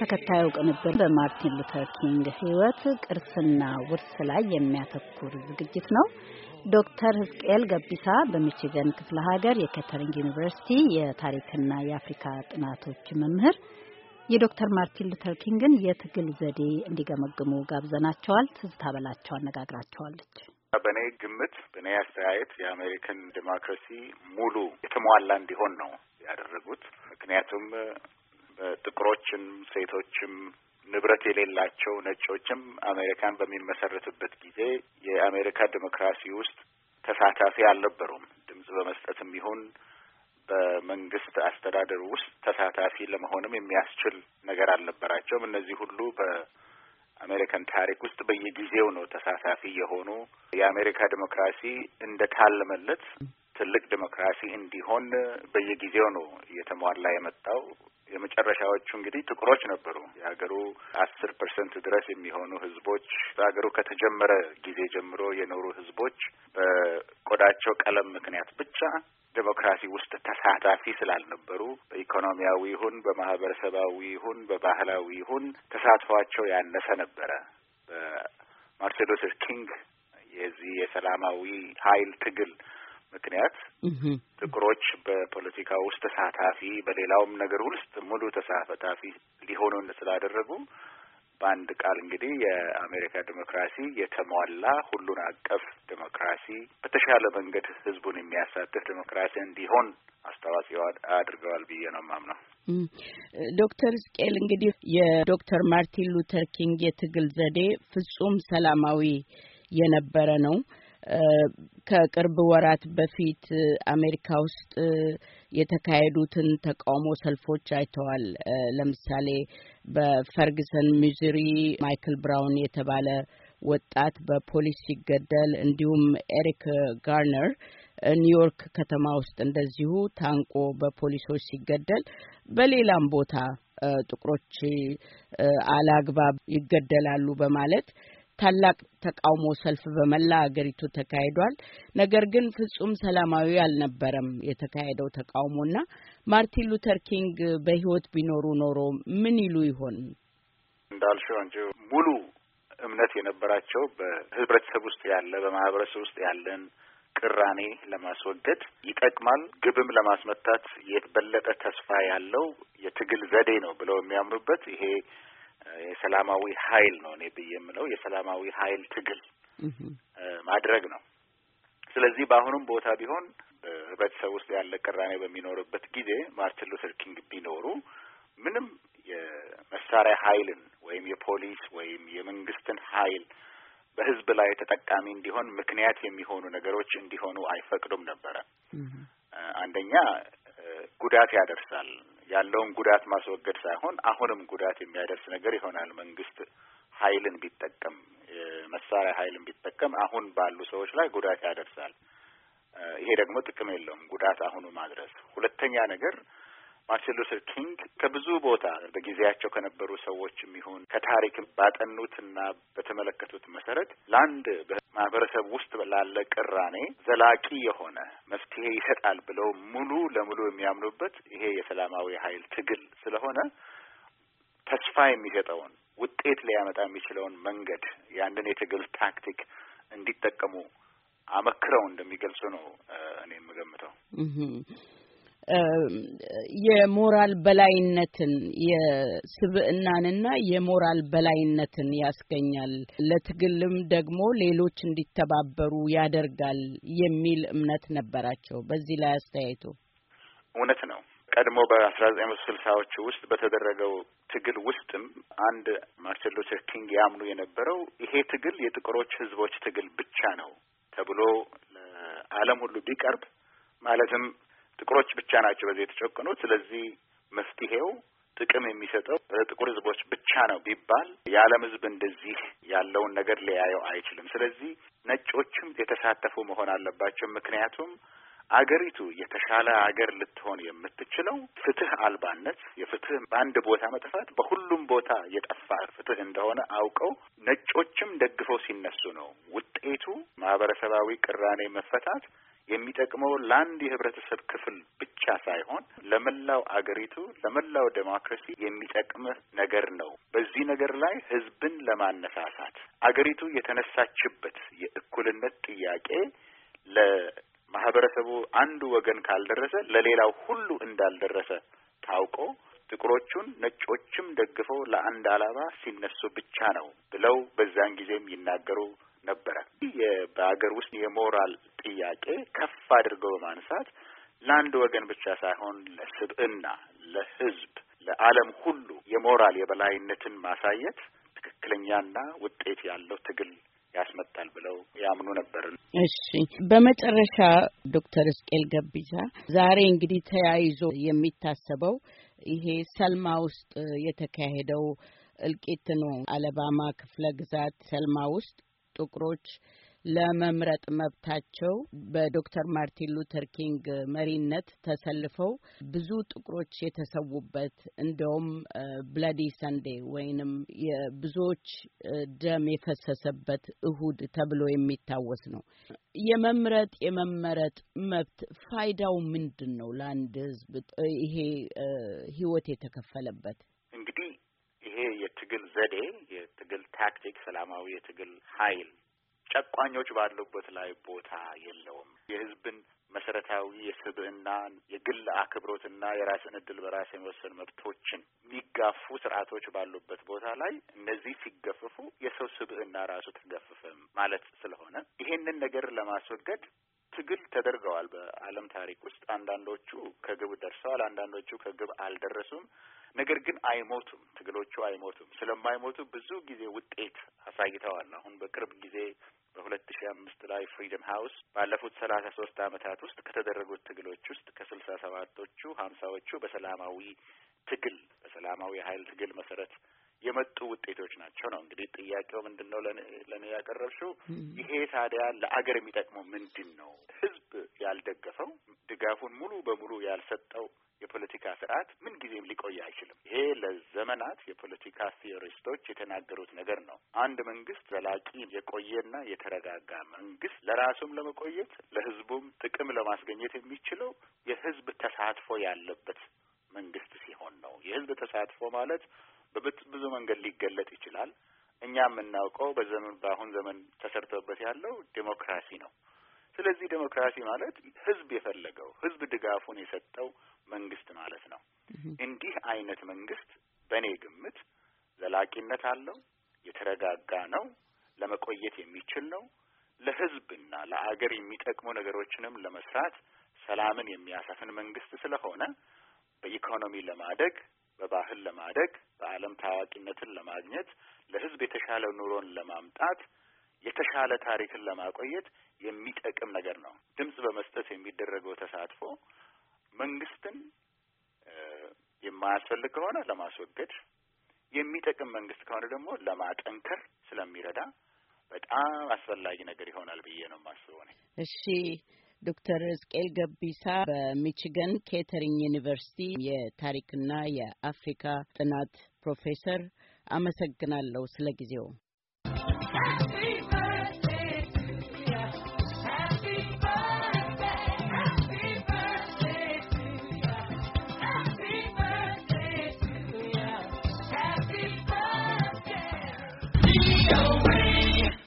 ተከታዩ ቅንብር በማርቲን ሉተር ኪንግ ሕይወት ቅርስና ውርስ ላይ የሚያተኩር ዝግጅት ነው። ዶክተር ህዝቅኤል ገቢሳ በሚችገን ክፍለ ሀገር የኬተሪንግ ዩኒቨርሲቲ የታሪክና የአፍሪካ ጥናቶች መምህር የዶክተር ማርቲን ሉተር ኪንግን የትግል ዘዴ እንዲገመግሙ ጋብዘናቸዋል። ትዝታ በላቸው አነጋግራቸዋለች። በእኔ ግምት በእኔ አስተያየት የአሜሪካን ዲሞክራሲ ሙሉ የተሟላ እንዲሆን ነው ያደረጉት። ምክንያቱም ጥቁሮችም፣ ሴቶችም፣ ንብረት የሌላቸው ነጮችም አሜሪካን በሚመሰረትበት ጊዜ የአሜሪካ ዲሞክራሲ ውስጥ ተሳታፊ አልነበሩም። ድምጽ በመስጠትም ይሁን በመንግስት አስተዳደር ውስጥ ተሳታፊ ለመሆንም የሚያስችል ነገር አልነበራቸውም። እነዚህ ሁሉ በ አሜሪካን ታሪክ ውስጥ በየጊዜው ነው ተሳታፊ የሆኑ የአሜሪካ ዲሞክራሲ እንደ ታለመለት ትልቅ ዲሞክራሲ እንዲሆን በየጊዜው ነው እየተሟላ የመጣው። የመጨረሻዎቹ እንግዲህ ጥቁሮች ነበሩ። የሀገሩ አስር ፐርሰንት ድረስ የሚሆኑ ህዝቦች በሀገሩ ከተጀመረ ጊዜ ጀምሮ የኖሩ ህዝቦች በቆዳቸው ቀለም ምክንያት ብቻ ዴሞክራሲ ውስጥ ተሳታፊ ስላልነበሩ በኢኮኖሚያዊ ይሁን በማህበረሰባዊ ይሁን በባህላዊ ይሁን ተሳትፏቸው ያነሰ ነበረ። በማርቲን ሉተር ኪንግ የዚህ የሰላማዊ ኃይል ትግል ምክንያት ጥቁሮች በፖለቲካ ውስጥ ተሳታፊ፣ በሌላውም ነገር ውስጥ ሙሉ ተሳታፊ ሊሆኑ ስላደረጉ በአንድ ቃል እንግዲህ የአሜሪካ ዲሞክራሲ የተሟላ ሁሉን አቀፍ ዲሞክራሲ፣ በተሻለ መንገድ ህዝቡን የሚያሳትፍ ዲሞክራሲ እንዲሆን አስተዋጽኦ አድርገዋል ብዬ ነው የማምነው። ዶክተር ስቄል እንግዲህ የዶክተር ማርቲን ሉተር ኪንግ የትግል ዘዴ ፍጹም ሰላማዊ የነበረ ነው። ከቅርብ ወራት በፊት አሜሪካ ውስጥ የተካሄዱትን ተቃውሞ ሰልፎች አይተዋል። ለምሳሌ በፈርግሰን ሚዙሪ ማይክል ብራውን የተባለ ወጣት በፖሊስ ሲገደል እንዲሁም ኤሪክ ጋርነር ኒውዮርክ ከተማ ውስጥ እንደዚሁ ታንቆ በፖሊሶች ሲገደል በሌላም ቦታ ጥቁሮች አላግባብ ይገደላሉ በማለት ታላቅ ተቃውሞ ሰልፍ በመላ አገሪቱ ተካሂዷል። ነገር ግን ፍጹም ሰላማዊ አልነበረም የተካሄደው ተቃውሞና ማርቲን ሉተር ኪንግ በሕይወት ቢኖሩ ኖሮ ምን ይሉ ይሆን? እንዳልሽው እንጂ ሙሉ እምነት የነበራቸው በህብረተሰብ ውስጥ ያለ በማህበረሰብ ውስጥ ያለን ቅራኔ ለማስወገድ ይጠቅማል፣ ግብም ለማስመታት የበለጠ ተስፋ ያለው የትግል ዘዴ ነው ብለው የሚያምኑበት ይሄ የሰላማዊ ኃይል ነው እኔ ብዬ የምለው የሰላማዊ ኃይል ትግል ማድረግ ነው። ስለዚህ በአሁኑም ቦታ ቢሆን በህብረተሰብ ውስጥ ያለ ቅራኔ በሚኖርበት ጊዜ ማርቲን ሉተር ኪንግ ቢኖሩ ምንም የመሳሪያ ኃይልን ወይም የፖሊስ ወይም የመንግስትን ኃይል በህዝብ ላይ ተጠቃሚ እንዲሆን ምክንያት የሚሆኑ ነገሮች እንዲሆኑ አይፈቅዱም ነበረ። አንደኛ ጉዳት ያደርሳል። ያለውን ጉዳት ማስወገድ ሳይሆን አሁንም ጉዳት የሚያደርስ ነገር ይሆናል። መንግስት ኃይልን ቢጠቀም መሳሪያ ኃይልን ቢጠቀም አሁን ባሉ ሰዎች ላይ ጉዳት ያደርሳል። ይሄ ደግሞ ጥቅም የለውም፣ ጉዳት አሁኑ ማድረስ። ሁለተኛ ነገር ማርቲን ሉተር ኪንግ ከብዙ ቦታ በጊዜያቸው ከነበሩ ሰዎችም ይሁን ከታሪክ ባጠኑትና በተመለከቱት መሰረት ለአንድ ማህበረሰብ ውስጥ ላለ ቅራኔ ዘላቂ የሆነ መፍትሄ ይሰጣል ብለው ሙሉ ለሙሉ የሚያምኑበት ይሄ የሰላማዊ ኃይል ትግል ስለሆነ ተስፋ የሚሰጠውን ውጤት ሊያመጣ የሚችለውን መንገድ ያንን የትግል ታክቲክ እንዲጠቀሙ አመክረው እንደሚገልጹ ነው እኔ የምገምተው። የሞራል በላይነትን የስብዕናንና የሞራል በላይነትን ያስገኛል፣ ለትግልም ደግሞ ሌሎች እንዲተባበሩ ያደርጋል የሚል እምነት ነበራቸው። በዚህ ላይ አስተያየቱ እውነት ነው። ቀድሞ በአስራ ዘጠኝ መቶ ስልሳዎቹ ውስጥ በተደረገው ትግል ውስጥም አንድ ማርቲን ሉተር ኪንግ ያምኑ የነበረው ይሄ ትግል የጥቁሮች ሕዝቦች ትግል ብቻ ነው ተብሎ ለዓለም ሁሉ ቢቀርብ ማለትም ጥቁሮች ብቻ ናቸው በዚህ የተጨቀኑት። ስለዚህ መፍትሄው ጥቅም የሚሰጠው ጥቁር ህዝቦች ብቻ ነው ቢባል የዓለም ህዝብ እንደዚህ ያለውን ነገር ሊያየው አይችልም። ስለዚህ ነጮችም የተሳተፉ መሆን አለባቸው። ምክንያቱም አገሪቱ የተሻለ አገር ልትሆን የምትችለው ፍትህ አልባነት፣ የፍትህ በአንድ ቦታ መጥፋት፣ በሁሉም ቦታ የጠፋ ፍትህ እንደሆነ አውቀው ነጮችም ደግፈው ሲነሱ ነው ውጤቱ ማህበረሰባዊ ቅራኔ መፈታት የሚጠቅመው ለአንድ የህብረተሰብ ክፍል ብቻ ሳይሆን ለመላው አገሪቱ፣ ለመላው ዴሞክራሲ የሚጠቅም ነገር ነው። በዚህ ነገር ላይ ህዝብን ለማነሳሳት አገሪቱ የተነሳችበት የእኩልነት ጥያቄ ለማህበረሰቡ አንዱ ወገን ካልደረሰ ለሌላው ሁሉ እንዳልደረሰ ታውቆ ጥቁሮቹን ነጮችም ደግፈው ለአንድ አላባ ሲነሱ ብቻ ነው ብለው በዛን ጊዜም ይናገሩ ነበረ። በሀገር ውስጥ የሞራል ጥያቄ ከፍ አድርገው በማንሳት ለአንድ ወገን ብቻ ሳይሆን ለስብዕና፣ ለህዝብ ለዓለም ሁሉ የሞራል የበላይነትን ማሳየት ትክክለኛና ውጤት ያለው ትግል ያስመጣል ብለው ያምኑ ነበር። እሺ፣ በመጨረሻ ዶክተር እስቄል ገቢዛ ዛሬ እንግዲህ ተያይዞ የሚታሰበው ይሄ ሰልማ ውስጥ የተካሄደው እልቂት ነው። አለባማ ክፍለ ግዛት ሰልማ ውስጥ ጥቁሮች ለመምረጥ መብታቸው በዶክተር ማርቲን ሉተር ኪንግ መሪነት ተሰልፈው ብዙ ጥቁሮች የተሰዉበት እንደውም ብላዲ ሰንዴ ወይንም የብዙዎች ደም የፈሰሰበት እሁድ ተብሎ የሚታወስ ነው። የመምረጥ የመመረጥ መብት ፋይዳው ምንድን ነው? ለአንድ ህዝብ ይሄ ህይወት የተከፈለበት የትግል ዘዴ፣ የትግል ታክቲክ፣ ሰላማዊ የትግል ኃይል ጨቋኞች ባሉበት ላይ ቦታ የለውም። የህዝብን መሰረታዊ የስብዕና የግል አክብሮትና የራስን እድል በራስ የመወሰን መብቶችን የሚጋፉ ስርዓቶች ባሉበት ቦታ ላይ እነዚህ ሲገፍፉ የሰው ስብዕና ራሱ ተገፍፈ ማለት ስለሆነ ይሄንን ነገር ለማስወገድ ትግል ተደርገዋል። በዓለም ታሪክ ውስጥ አንዳንዶቹ ከግብ ደርሰዋል፣ አንዳንዶቹ ከግብ አልደረሱም። ነገር ግን አይሞቱም፣ ትግሎቹ አይሞቱም። ስለማይሞቱ ብዙ ጊዜ ውጤት አሳይተዋል። አሁን በቅርብ ጊዜ በሁለት ሺ አምስት ላይ ፍሪደም ሀውስ ባለፉት ሰላሳ ሶስት አመታት ውስጥ ከተደረጉት ትግሎች ውስጥ ከስልሳ ሰባቶቹ ሀምሳዎቹ በሰላማዊ ትግል በሰላማዊ ሀይል ትግል መሰረት የመጡ ውጤቶች ናቸው ነው እንግዲህ ጥያቄው ምንድን ነው ለእኔ ያቀረብሽው ይሄ ታዲያ ለአገር የሚጠቅመው ምንድን ነው ህዝብ ያልደገፈው ድጋፉን ሙሉ በሙሉ ያልሰጠው ስርዓት ምን ጊዜም ሊቆይ አይችልም። ይሄ ለዘመናት የፖለቲካ ቴዎሪስቶች የተናገሩት ነገር ነው። አንድ መንግስት ዘላቂ የቆየና የተረጋጋ መንግስት ለራሱም ለመቆየት ለህዝቡም ጥቅም ለማስገኘት የሚችለው የህዝብ ተሳትፎ ያለበት መንግስት ሲሆን ነው። የህዝብ ተሳትፎ ማለት በብዙ መንገድ ሊገለጥ ይችላል። እኛ የምናውቀው በዘመን በአሁን ዘመን ተሰርቶበት ያለው ዴሞክራሲ ነው። ስለዚህ ዴሞክራሲ ማለት ህዝብ የፈለገው ህዝብ ድጋፉን የሰጠው መንግስት ማለት ነው። እንዲህ አይነት መንግስት በእኔ ግምት ዘላቂነት አለው፣ የተረጋጋ ነው፣ ለመቆየት የሚችል ነው፣ ለህዝብና ለአገር የሚጠቅሙ ነገሮችንም ለመስራት ሰላምን የሚያሰፍን መንግስት ስለሆነ በኢኮኖሚ ለማደግ በባህል ለማደግ በዓለም ታዋቂነትን ለማግኘት ለህዝብ የተሻለ ኑሮን ለማምጣት የተሻለ ታሪክን ለማቆየት የሚጠቅም ነገር ነው። ድምጽ በመስጠት የሚደረገው ተሳትፎ መንግስትን የማያስፈልግ ከሆነ ለማስወገድ የሚጠቅም መንግስት ከሆነ ደግሞ ለማጠንከር ስለሚረዳ በጣም አስፈላጊ ነገር ይሆናል ብዬ ነው የማስበው። እኔ እሺ፣ ዶክተር ሕዝቅኤል ገቢሳ በሚችገን ኬተሪንግ ዩኒቨርሲቲ የታሪክና የአፍሪካ ጥናት ፕሮፌሰር፣ አመሰግናለሁ ስለ ጊዜው። Happy birthday.